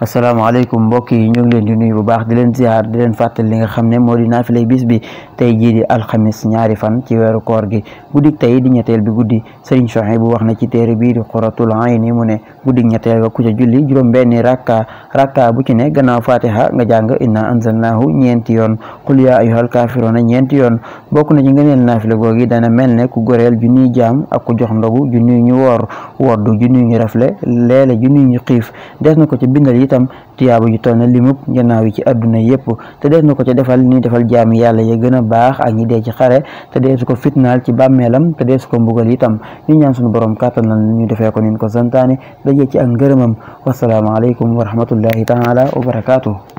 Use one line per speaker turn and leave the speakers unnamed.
asalaamaaleykum mbokk yi ñu ngi leen di nuyu bu baax di leen ziar di leen li nga xam ne moo di naafilay bis bi tey jii di alxamis ñaari fan ci weeru koor gi guddik tey di ñetteel bi guddi sëriñ Sohibu bu wax na ci téere bii di Qurratul Ayni mu ne guddik ñetteel ga ku ca julli juróom benni rakka rakka bu ci ne gannaaw fatiha nga jàng inna anzalnaahu ñeenti yoon qul yaa ayyuhal kaafiruuna ñeenti yoon bokk na ci ngëneel naafila googi dana mel ne ku goreel junniy jaam ak ku jox ndogu junniy ñu woor woddu junniy ñu rafle leele ni ñu xiif des na ko ca bindal itam tiyaaba ju toll na limub njanaaw yi ci adduna yépp te des na ko ca defal ni defal jaam yàlla ya gën a baax ak ñi dee ci xare te deesu ko fitnaal ci bàmmeelam te des ko mbugal itam ñu ñaan suñu borom kàttanal ñu defee ko nin ko santaane dajee ci ak ngërëmam
wasalaamaaleykum wa rahmatullahi taala wa barakaatu